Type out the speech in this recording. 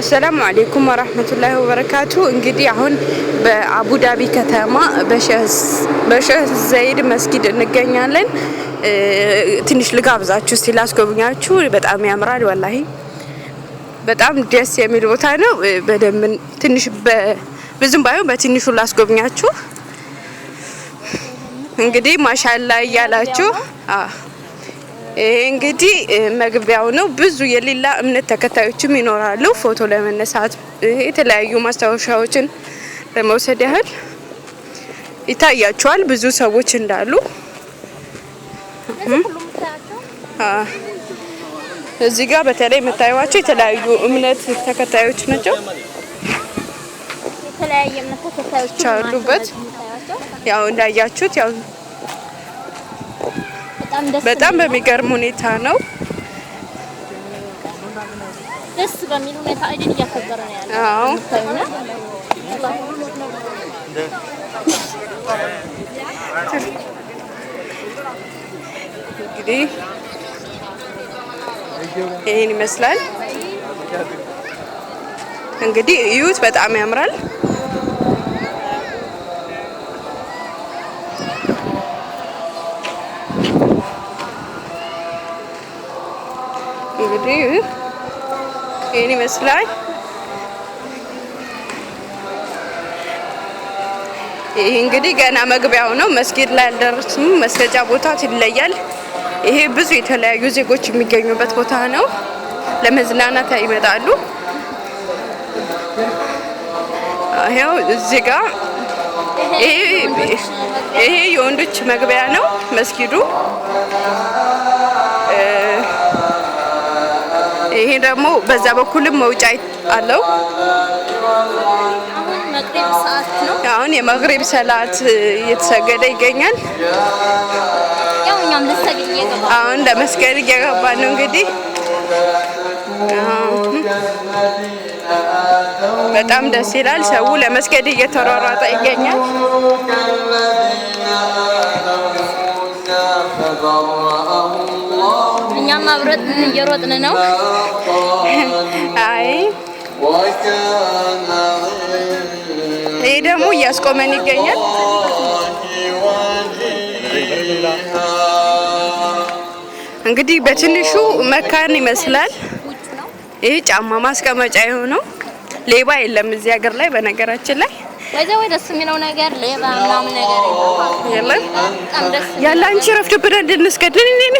አሰላሙ አሌይኩም ወራህመቱላሂ ወበረካቱ። እንግዲህ አሁን በአቡዳቢ ከተማ በሸህ ዘይድ መስጊድ እንገኛለን። ትንሽ ልጋብዛችሁ እስቲ ላስጎብኛችሁ። በጣም ያምራል ወላሂ፣ በጣም ደስ የሚል ቦታ ነው። በደምን ትንሽ ብዙም ባይሆን በትንሹ ላስጎብኛችሁ እንግዲህ ማሻላ እያላችሁ እንግዲህ መግቢያው ነው። ብዙ የሌላ እምነት ተከታዮችም ይኖራሉ። ፎቶ ለመነሳት የተለያዩ ማስታወሻዎችን ለመውሰድ ያህል ይታያቸዋል። ብዙ ሰዎች እንዳሉ እዚህ ጋር በተለይ የምታዩዋቸው የተለያዩ እምነት ተከታዮች ናቸው አሉበት። ያው እንዳያችሁት ያው በጣም በሚገርም ሁኔታ ነው ደስ በሚል ሁኔታ አይደል እያከበረ ነው ያለው። እንግዲህ ይህን ይመስላል። እንግዲህ እዩት፣ በጣም ያምራል። እንግዲህ ይህን ይመስላል። ይህ እንግዲህ ገና መግቢያው ነው። መስጊድ ላይ አልደረስም። መስገጃ ቦታ ይለያል። ይሄ ብዙ የተለያዩ ዜጎች የሚገኙበት ቦታ ነው። ለመዝናናት ይመጣሉ። ይኸው እዚህ ጋር ይሄ የወንዶች መግቢያ ነው መስጊዱ። ይሄ ደግሞ በዛ በኩልም መውጫ አለው። አሁን የመግሪብ ሰላት እየተሰገደ ይገኛል። አሁን ለመስገድ እየገባ ነው እንግዲህ በጣም ደስ ይላል። ሰው ለመስገድ እየተሯሯጠ ይገኛል። እኛም አብረን እየሮጥን ነው። አይ ይህ ደግሞ እያስቆመን ይገኛል። እንግዲህ በትንሹ መካን ይመስላል። ይህ ጫማ ማስቀመጫ የሆነው ሌባ የለም እዚህ ሀገር ላይ በነገራችን ላይ ወይዘ ወይ ደስ የሚለው ነገር ሌባ ምናምን ነገር የለም። ያለ አንቺ እንድንስገድን